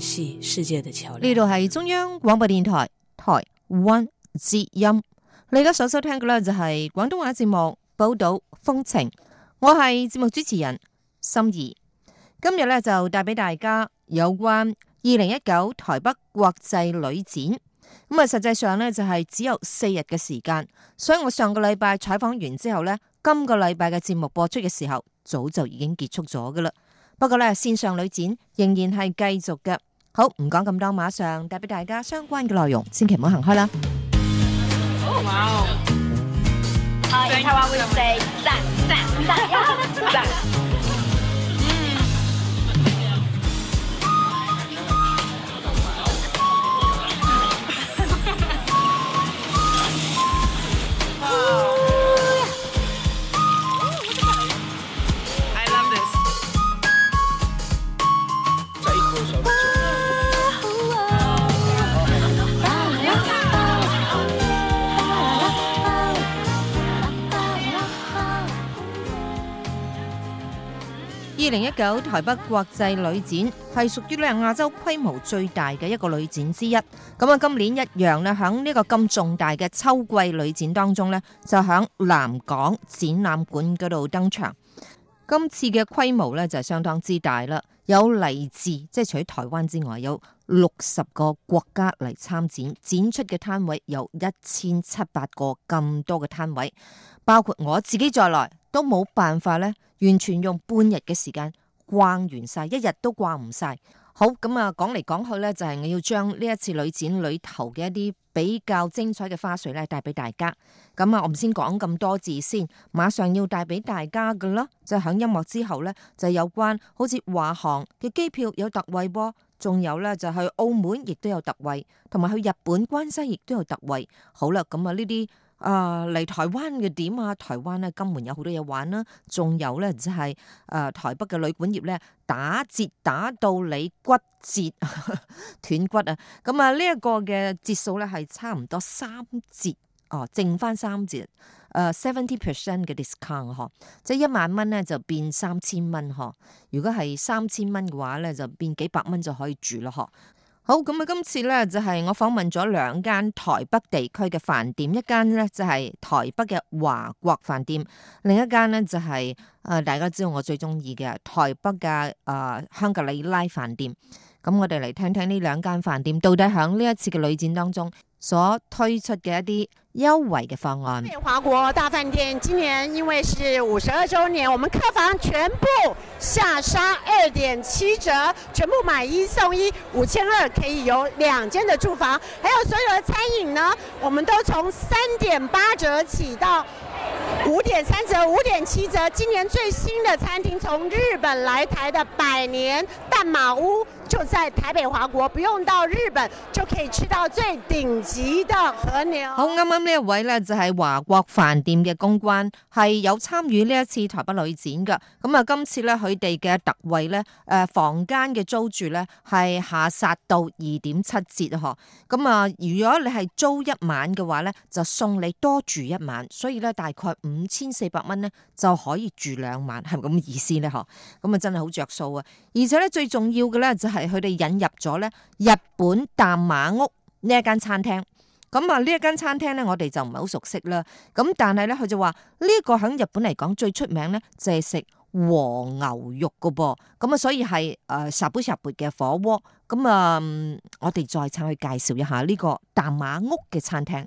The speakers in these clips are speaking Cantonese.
係世界的橋樑，呢度係中央廣播電台台灣之音，你而家所收聽嘅呢，就係廣東話節目《報導風情》，我係節目主持人心儀。今日呢，就帶俾大家有關二零一九台北國際旅展咁啊，實際上呢，就係只有四日嘅時間，所以我上個禮拜採訪完之後呢，今個禮拜嘅節目播出嘅時候早就已經結束咗㗎喇。不過呢，綫上旅展仍然係繼續嘅。好，唔講咁多，馬上帶俾大家相關嘅內容，千祈唔好行開啦。哦，哇！係才華會死，三三三三。二零一九台北國際旅展，係屬於咧，亞洲規模最大嘅一個旅展之一，咁啊今年一樣呢響呢個咁重大嘅秋季旅展當中呢，就響南港展覽館嗰度登場。今次嘅規模呢就相當之大啦，有嚟自即係除咗台灣之外，有六十個國家嚟參展，展出嘅攤位有一千七百個咁多嘅攤位，包括我自己在內。都冇辦法咧，完全用半日嘅時間逛完晒，一日都逛唔晒。好咁啊，講嚟講去咧，就係、是、我要將呢一次旅展裏頭嘅一啲比較精彩嘅花絮咧，帶俾大家。咁、嗯、啊，我唔先講咁多字先，馬上要帶俾大家噶啦，就響音樂之後咧，就有關好似華航嘅機票有特惠噃，仲有咧就去澳門亦都有特惠，同埋去日本關西亦都有特惠。好啦，咁啊呢啲。啊、呃！嚟台灣嘅點啊，台灣咧，金門有好多嘢玩啦，仲有咧就係啊，台北嘅旅館業咧，打折打到你骨折斷骨啊！咁啊呢一個嘅折數咧係差唔多三折哦，剩翻三折，誒 seventy percent 嘅 discount 呵、啊，即係一萬蚊咧就變三千蚊呵、啊，如果係三千蚊嘅話咧就變幾百蚊就可以住啦呵。啊好，咁啊，今次咧就係、是、我訪問咗兩間台北地區嘅飯店，一間咧就係、是、台北嘅華國飯店，另一間咧就係、是、誒、呃、大家知道我最中意嘅台北嘅誒、呃、香格里拉飯店。咁我哋嚟聽聽呢兩間飯店到底喺呢一次嘅旅展當中，所推出嘅一啲優惠嘅方案。華國大飯店今年因為是五十二周年，我們客房全部下殺二點七折，全部買一送一，五千二可以有兩間的住房，還有所有嘅餐飲呢，我們都從三點八折起到。五點三折，五點七折。今年最新的餐廳，從日本來台的百年淡馬屋，就在台北華國，不用到日本就可以吃到最頂級的和牛。好，啱啱呢一位呢，就係、是、華國飯店嘅公關，係有參與呢一次台北旅展㗎。咁啊，今次呢，佢哋嘅特惠呢，誒房間嘅租住呢，係下殺到二點七折嗬，咁啊，如果你係租一晚嘅話呢，就送你多住一晚。所以呢，大大概五千四百蚊咧，就可以住兩晚，係咪咁嘅意思咧？嗬，咁啊真係好着數啊！而且咧，最重要嘅咧，就係佢哋引入咗咧日本淡馬屋呢一間餐廳。咁啊呢一間餐廳咧，我哋就唔係好熟悉啦。咁但係咧佢就話呢個喺日本嚟講最出名咧，就係食和牛肉嘅噃。咁啊所以係誒 Shabu Shabu 嘅火鍋。咁啊我哋再請去介紹一下呢個淡馬屋嘅餐廳。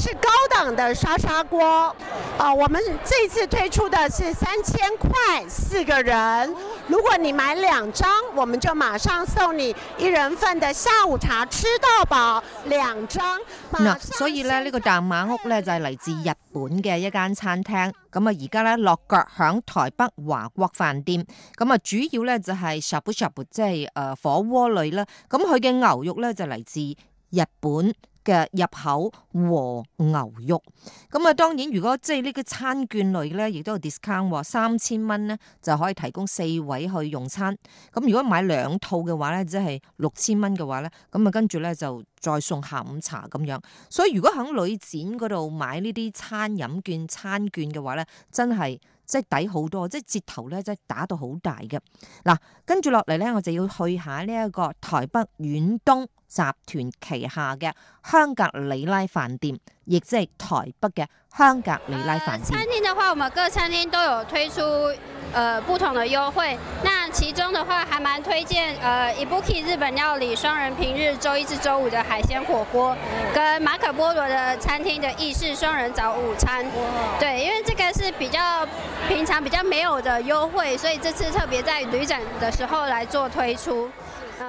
是高檔的沙砂鍋，啊、呃！我們這次推出的是三千塊四個人。如果你買兩張，我們就馬上送你一人份的下午茶，吃到飽。兩張，嗱，Now, 所以呢，呢、這個大馬屋呢，就係、是、嚟自日本嘅一間餐廳。咁啊，而家呢，落腳響台北華國飯店。咁啊，主要呢，就係、是、shabu shabu，即係誒火鍋類啦。咁佢嘅牛肉呢，就嚟自日本。嘅入口和牛肉，咁啊，當然如果即係呢啲餐券類咧，亦都有 discount，三千蚊咧就可以提供四位去用餐。咁如果買兩套嘅話咧，即係六千蚊嘅話咧，咁啊跟住咧就再送下午茶咁樣。所以如果喺旅展嗰度買呢啲餐飲券、餐券嘅話咧，真係。即係抵好多，即係折頭咧，即係打到好大嘅。嗱、啊，跟住落嚟咧，我就要去下呢一個台北遠東集團旗下嘅香格里拉飯店，亦即係台北嘅香格里拉飯店。呃、餐廳嘅話，我們各餐廳都有推出誒、呃、不同的優惠。那其中的話還蠻推薦，呃，Ibuki 日本料理雙人平日周一至周五的海鮮火鍋，跟馬可波羅的餐廳的意式雙人早午餐，對，因為這個是比較平常比較沒有的優惠，所以這次特別在旅展的時候來做推出。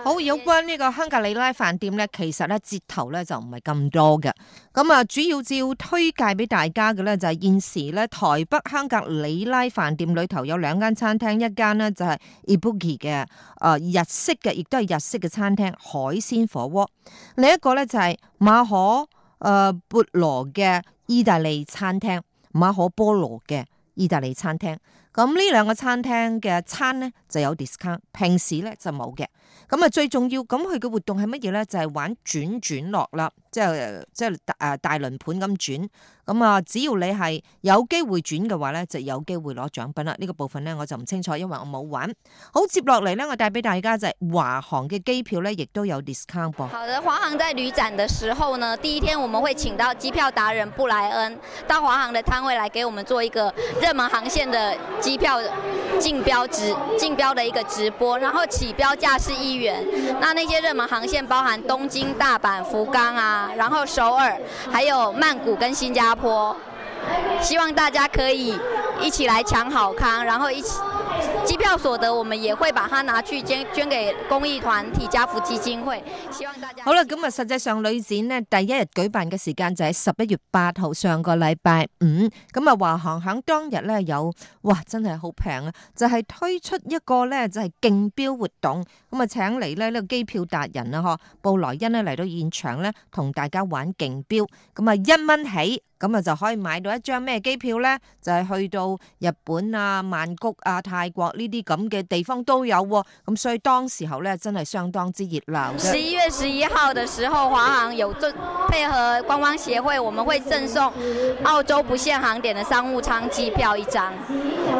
好，有關呢個香格里拉飯店咧，其實咧折頭咧就唔係咁多嘅。咁啊，主要照推介俾大家嘅咧就係、是、現時咧台北香格里拉飯店裏頭有兩間餐廳，一間咧就係 Ibuki 嘅，誒、呃、日式嘅，亦都係日式嘅餐廳，海鮮火鍋；另一個咧就係、是、馬可誒博羅嘅意大利餐廳，馬可波羅嘅意大利餐廳。咁呢兩個餐廳嘅餐咧，就有 discount，平時咧就冇嘅。咁啊最重要，咁佢嘅活動係乜嘢咧？就係、是、玩轉轉落啦，即係即係誒大輪盤咁轉。咁啊，只要你係有機會轉嘅話咧，就有機會攞獎品啦。呢、這個部分咧我就唔清楚，因為我冇玩。好，接落嚟咧，我帶俾大家就係、是、華航嘅機票咧，亦都有 discount。好的，華航在旅展嘅時候呢，第一天我們會請到機票達人布萊恩到華航嘅攤位來，給我們做一個熱門航綫嘅機票競標值競標的一個直播，然後起標價是一元。那那些熱門航線包含東京、大阪、福岡啊，然後首爾，還有曼谷跟新加坡。希望大家可以一起來搶好康，然後一起。機票所得，我們也會把它拿去捐捐給公益團體家扶基金會。希望大家好啦，咁啊，實際上旅展咧第一日舉辦嘅時間就喺十一月八號，上個禮拜五。咁啊，華航響當日呢，有，哇，真係好平啊！就係、是、推出一個呢，就係競標活動，咁啊，請嚟咧呢個機票達人啊。嗬，布萊恩呢嚟到現場呢，同大家玩競標，咁啊一蚊起。咁啊就可以買到一張咩機票呢？就係、是、去到日本啊、曼谷啊、泰國呢啲咁嘅地方都有、啊，咁所以當時候呢，真係相當之熱鬧。十一月十一號嘅時候，華航有配合觀光協會，我們會贈送澳洲不限航點的商務艙機票一張，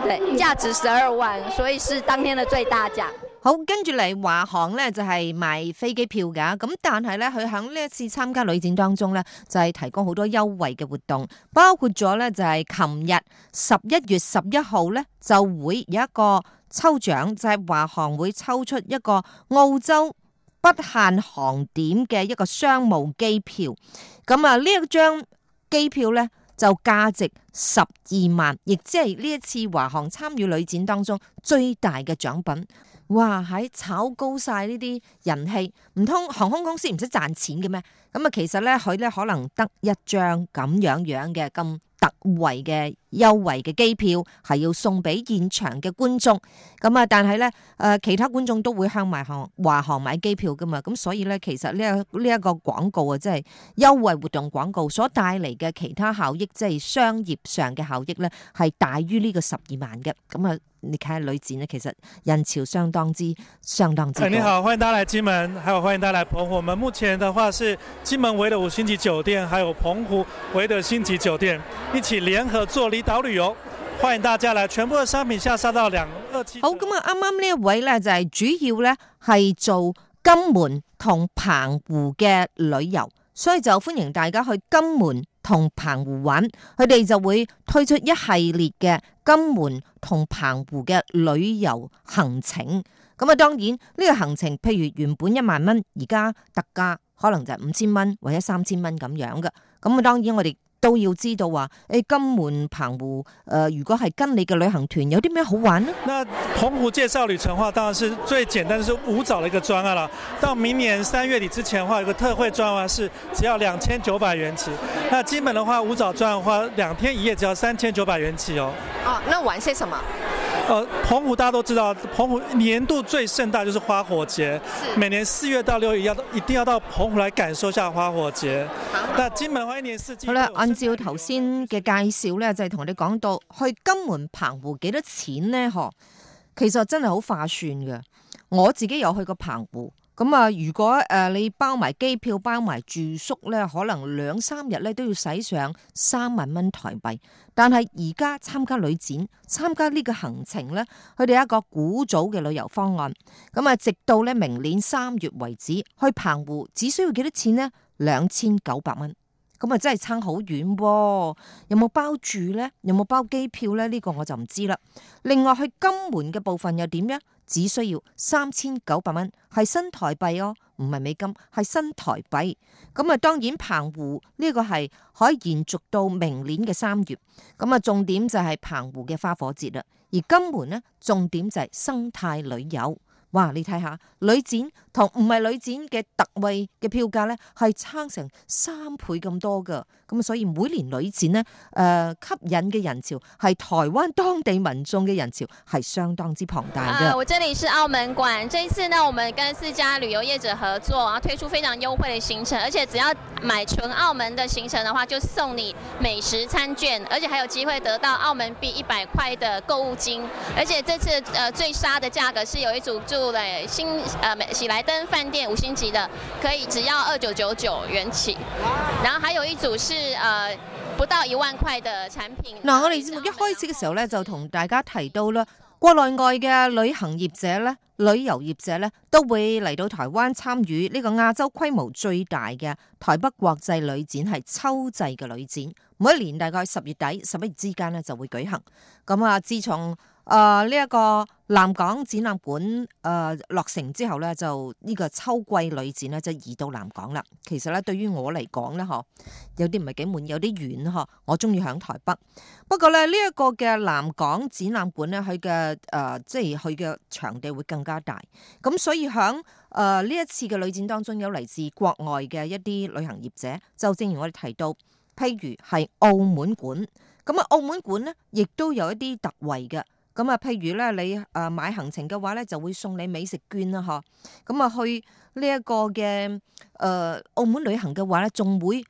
對，價值十二萬，所以是當天的最大獎。好，跟住嚟，華航咧就係賣飛機票噶咁，但係咧佢喺呢一次參加旅展當中咧就係提供好多優惠嘅活動，包括咗咧就係琴日十一月十一號咧就會有一個抽獎，就係華航會抽出一個澳洲不限航點嘅一個商務機票。咁啊，呢一張機票咧就價值十二萬，亦即係呢一次華航參與旅展當中最大嘅獎品。哇！喺炒高晒呢啲人氣，唔通航空公司唔識賺錢嘅咩？咁啊，其實咧，佢咧可能得一張咁樣樣嘅咁。特惠嘅優惠嘅機票係要送俾現場嘅觀眾，咁啊，但係呢，誒、呃、其他觀眾都會向埋華航買機票㗎嘛，咁所以呢，其實呢一呢一個廣告啊，即係優惠活動廣告所帶嚟嘅其他效益，即係商業上嘅效益呢，係大於呢個十二萬嘅。咁、嗯、啊，你睇下旅展呢，其實人潮相當之，相當之。你好，歡迎大家來，金門，還有歡迎大家來澎湖。我們目前的話是金門維的五星級酒店，還有澎湖維的星級酒店。一起聯合做離島旅遊，歡迎大家來。全部嘅商品下晒到兩二七。好，咁啊，啱啱呢一位咧就係、是、主要咧係做金門同澎湖嘅旅遊，所以就歡迎大家去金門同澎湖玩。佢哋就會推出一系列嘅金門同澎湖嘅旅遊行程。咁啊，當然呢、這個行程，譬如原本一萬蚊，而家特價可能就五千蚊或者三千蚊咁樣嘅。咁啊，當然我哋。都要知道話，誒、哎、金門澎湖誒、呃，如果係跟你嘅旅行團有啲咩好玩呢？那澎湖介紹旅程話，當然是最簡單，就是五爪一個專案啦。到明年三月底之前嘅話，有一個特惠專案話是只要兩千九百元起。那金門嘅話，五爪專案話，話兩天一夜只要三千九百元起哦。啊、那玩啲咩？誒、呃，澎湖大家都知道，澎湖年度最盛大的就是花火節，每年四月到六月要一定要到澎湖嚟感受下花火節。那、啊啊、金門嘅話一年四季。按照頭先嘅介紹咧，就係、是、同你講到去金門澎湖幾多錢呢？嗬，其實真係好化算嘅。我自己有去過澎湖，咁啊，如果誒、呃、你包埋機票、包埋住宿咧，可能兩三日咧都要使上三萬蚊台幣。但係而家參加旅展、參加呢個行程咧，佢哋有一個古早嘅旅遊方案，咁啊，直到咧明年三月為止去澎湖只需要幾多錢呢？兩千九百蚊。咁啊，真係差好遠喎！有冇包住咧？有冇包機票咧？呢個我就唔知啦。另外去金門嘅部分又點呀？只需要三千九百蚊，係新台幣哦，唔係美金，係新台幣。咁啊，當然澎湖呢個係可以延續到明年嘅三月。咁啊，重點就係澎湖嘅花火節啦。而金門咧，重點就係生態旅遊。哇，你睇下旅展同唔係旅展嘅特惠嘅票價咧，係撐成三倍咁多噶。咁所以每年旅展咧，誒、呃、吸引嘅人潮係台灣當地民眾嘅人潮係相當之龐大嘅、啊。我這裏是澳門館，這一次呢，我們跟四家旅遊業者合作，然後推出非常優惠的行程，而且只要買純澳門的行程的話，就送你美食餐券，而且還有機會得到澳門幣一百塊的購物金。而且這次，誒、呃、最殺的價格是有一組對，新誒，喜來登飯店五星級的，可以只要二九九九元起。然後還有一組是，誒，不到一萬塊的產品。嗱，我哋節目一開始嘅時候咧，就同大家提到啦，國內外嘅旅行業者咧、旅遊業者咧，都會嚟到台灣參與呢個亞洲規模最大嘅台北國際旅展，係秋季嘅旅展，每一年大概十月底、十一月之間呢，就會舉行。咁啊，自從啊、呃！呢、這、一個南港展覽館，誒、呃、落成之後咧，就呢個秋季旅展咧，就移到南港啦。其實咧，對於我嚟講咧，呵，有啲唔係幾滿，有啲遠呵。我中意喺台北。不過咧，呢、這、一個嘅南港展覽館咧，佢嘅誒即係佢嘅場地會更加大。咁所以喺誒呢一次嘅旅展當中，有嚟自國外嘅一啲旅行業者，就正如我哋提到，譬如係澳門館咁啊。澳門館咧，亦都有一啲特惠嘅。咁啊，譬如咧，你誒買行程嘅話咧，就會送你美食券啦，嗬。咁、呃、啊，去呢一個嘅誒澳門旅行嘅話咧，仲會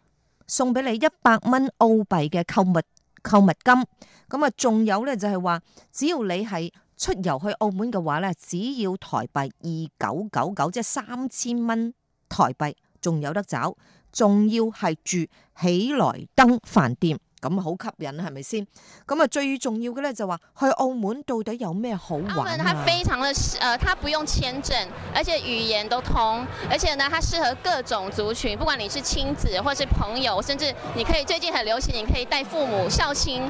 送俾你一百蚊澳幣嘅購物購物金。咁啊，仲有咧就係話，只要你係出遊去澳門嘅話咧，只要台幣二九九九，即係三千蚊台幣，仲有得找，仲要係住喜來登飯店。咁好吸引，係咪先？咁啊，最重要嘅咧就話，去澳門到底有咩好玩啊？澳門佢非常的呃，它不用簽證，而且語言都通，而且呢，它適合各種族群，不管你是親子或是朋友，甚至你可以最近很流行，你可以帶父母、孝親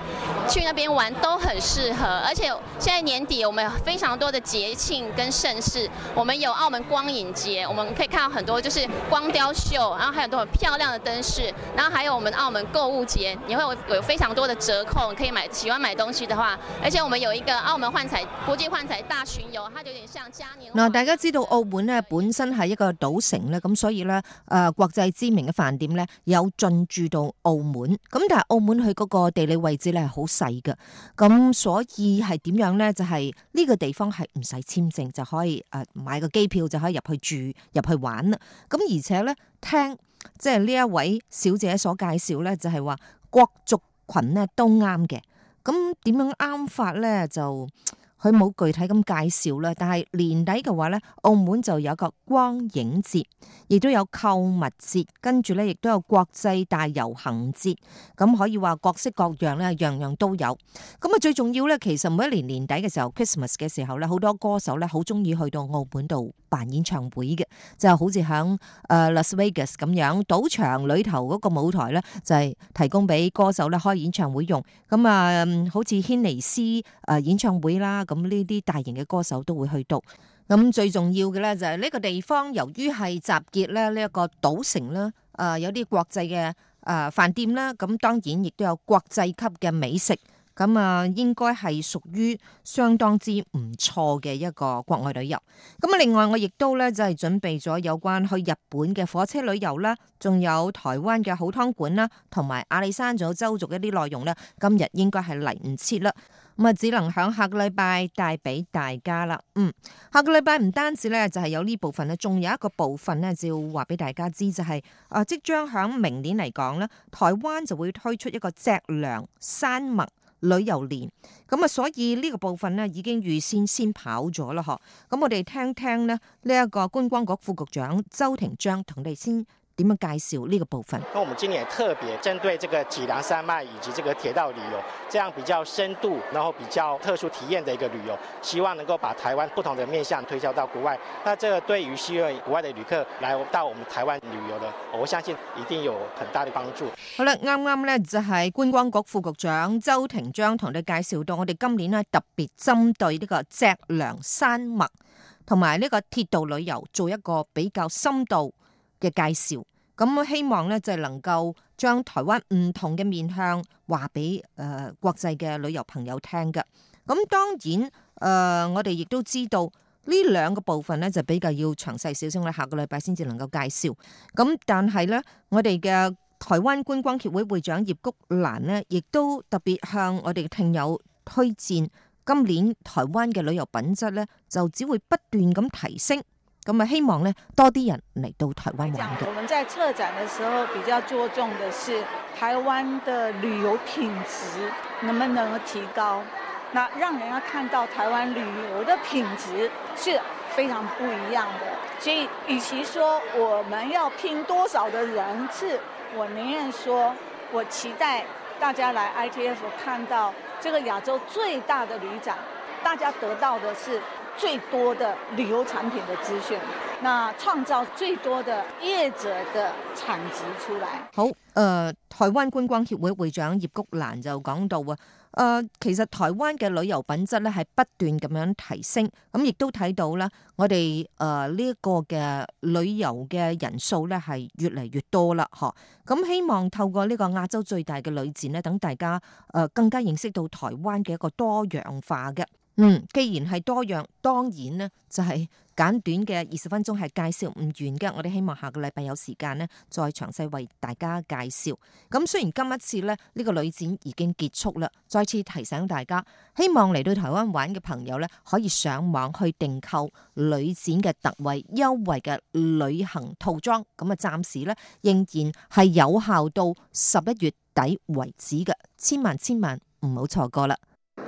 去那邊玩，都很適合。而且現在年底，我們有非常多的節慶跟盛事，我們有澳門光影節，我們可以看到很多就是光雕秀，然後還有很多很漂亮的燈飾，然後還有我們澳門購物節，你會有。有非常多的折扣，可以買，喜歡買東西的話，而且我們有一個澳門幻彩國際幻彩大巡遊，它就有點像嘉年華。嗱，大家知道澳門呢本身係一個賭城呢，咁所以呢，誒國際知名嘅飯店呢，有進駐到澳門咁，但係澳門佢嗰個地理位置呢，係好細嘅，咁所以係點樣呢？就係呢個地方係唔使簽證就可以誒買個機票就可以入去住入去玩啦。咁而且呢，聽即係呢一位小姐所介紹呢，就係話。國族群咧都啱嘅，咁點樣啱法咧就？佢冇具體咁介紹啦，但係年底嘅話咧，澳門就有個光影節，亦都有購物節，跟住咧，亦都有國際大遊行節，咁可以話各式各樣咧，樣樣都有。咁啊，最重要咧，其實每一年年底嘅時候，Christmas 嘅時候咧，好多歌手咧好中意去到澳門度辦演唱會嘅，就係好似響誒 Las Vegas 咁樣賭場裏頭嗰個舞台咧就係提供俾歌手咧開演唱會用。咁啊、嗯，好似軒尼斯誒演唱會啦。咁呢啲大型嘅歌手都會去到。咁最重要嘅咧，就係呢個地方，由於係集結咧呢一個島城啦，啊有啲國際嘅誒飯店啦，咁當然亦都有國際級嘅美食。咁啊，應該係屬於相當之唔錯嘅一個國外旅遊。咁啊，另外我亦都咧，就係準備咗有關去日本嘅火車旅遊啦，仲有台灣嘅好湯館啦，同埋阿里山，仲有周續一啲內容啦。今日應該係嚟唔切啦。咁啊，只能喺下個禮拜帶俾大家啦。嗯，下個禮拜唔單止咧，就係有呢部分咧，仲有一個部分咧，就要話俾大家知，就係啊，即將喺明年嚟講咧，台灣就會推出一個脊梁山脈旅遊年。咁啊，所以呢個部分咧已經預先先跑咗啦，嗬。咁我哋聽聽咧，呢一個觀光局副局長周庭章同你先。點樣介紹呢個部分？咁我們今年特別針對這個脊梁山脈以及這個鐵道旅遊，這樣比較深度，然後比較特殊體驗的一個旅遊，希望能夠把台灣不同的面向推銷到國外。那這個對於希望國外的旅客來到我們台灣旅遊的，我相信一定有很大的幫助。好啦，啱啱咧就係觀光局副局長周庭章同你介紹到，我哋今年咧特別針對呢個脊梁山脈同埋呢個鐵道旅遊做一個比較深度。嘅介紹，咁希望咧就係能夠將台灣唔同嘅面向話俾誒國際嘅旅遊朋友聽㗎。咁當然誒、呃，我哋亦都知道呢兩個部分咧就比較要詳細少少喇，下個禮拜先至能夠介紹。咁但係咧，我哋嘅台灣觀光協會會長葉菊蘭咧，亦都特別向我哋嘅聽友推薦，今年台灣嘅旅遊品質咧就只會不斷咁提升。咁啊，希望咧多啲人嚟到台灣玩嘅。我們在策展的時候，比較着重的是台灣的旅遊品質能不能提高，那讓人家看到台灣旅遊的品質是非常不一樣的。所以，與其說我們要拼多少的人次，我寧願說，我期待大家來 ITF 看到這個亞洲最大的旅展，大家得到的是。最多的旅遊產品的資訊，那創造最多的業者的產值出來。好，誒、呃，台灣觀光協會會長葉菊蘭就講到啊，誒、呃，其實台灣嘅旅遊品質咧係不斷咁樣提升，咁亦都睇到啦，我哋誒、呃這個、呢一個嘅旅遊嘅人數咧係越嚟越多啦，嗬。咁希望透過呢個亞洲最大嘅旅展咧，等大家誒更加認識到台灣嘅一個多樣化嘅。嗯，既然係多樣，當然咧就係簡短嘅二十分鐘係介紹唔完嘅。我哋希望下個禮拜有時間咧，再詳細為大家介紹。咁雖然今一次咧呢，呢個旅展已經結束啦，再次提醒大家，希望嚟到台灣玩嘅朋友咧可以上網去訂購旅展嘅特惠優惠嘅旅行套裝。咁啊，暫時咧仍然係有效到十一月底為止嘅，千萬千萬唔好錯過啦！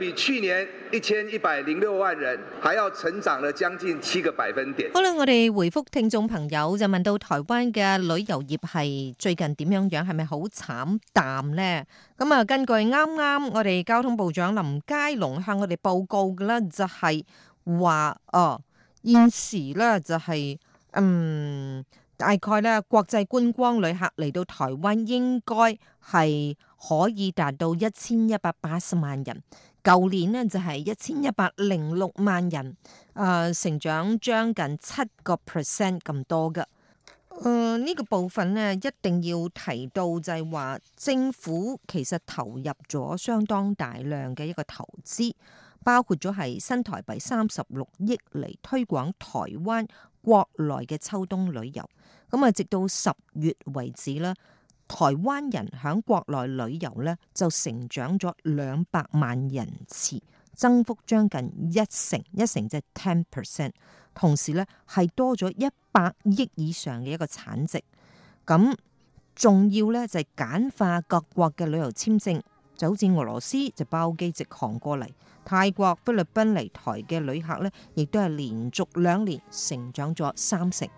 比去年一千一百零六萬人還要成長了將近七個百分點。好啦，我哋回覆聽眾朋友就問到台灣嘅旅遊業係最近點樣樣，係咪好慘淡咧？咁啊，根據啱啱我哋交通部長林佳龍向我哋報告嘅咧，就係話，哦，現時咧就係，嗯，大概咧國際觀光旅客嚟到台灣應該係。可以達到一千一百八十萬人，舊年呢，就係一千一百零六萬人，誒、呃、成長將近七個 percent 咁多㗎。誒、呃、呢、這個部分呢，一定要提到就係話，政府其實投入咗相當大量嘅一個投資，包括咗係新台幣三十六億嚟推廣台灣國內嘅秋冬旅遊，咁啊直到十月為止啦。台灣人響國內旅遊咧，就成長咗兩百萬人次，增幅將近，近一成，一成即係 ten percent。同時咧，係多咗一百億以上嘅一個產值。咁仲要咧就係、是、簡化各國嘅旅遊簽證，就好似俄羅斯就包機直航過嚟，泰國、菲律賓嚟台嘅旅客咧，亦都係連續兩年成長咗三成。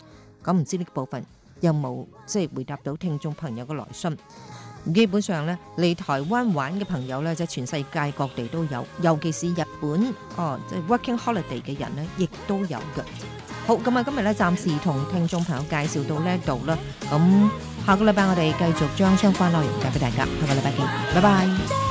咁唔知呢部分？又沒有冇即係回答到聽眾朋友嘅來信？基本上呢，嚟台灣玩嘅朋友呢，即係全世界各地都有，尤其是日本哦，即 working holiday 嘅人呢，亦都有嘅。好，咁啊，今日呢暫時同聽眾朋友介紹到呢度啦。咁、嗯、下個禮拜我哋繼續將相關內容帶俾大家。下個禮拜見，拜拜。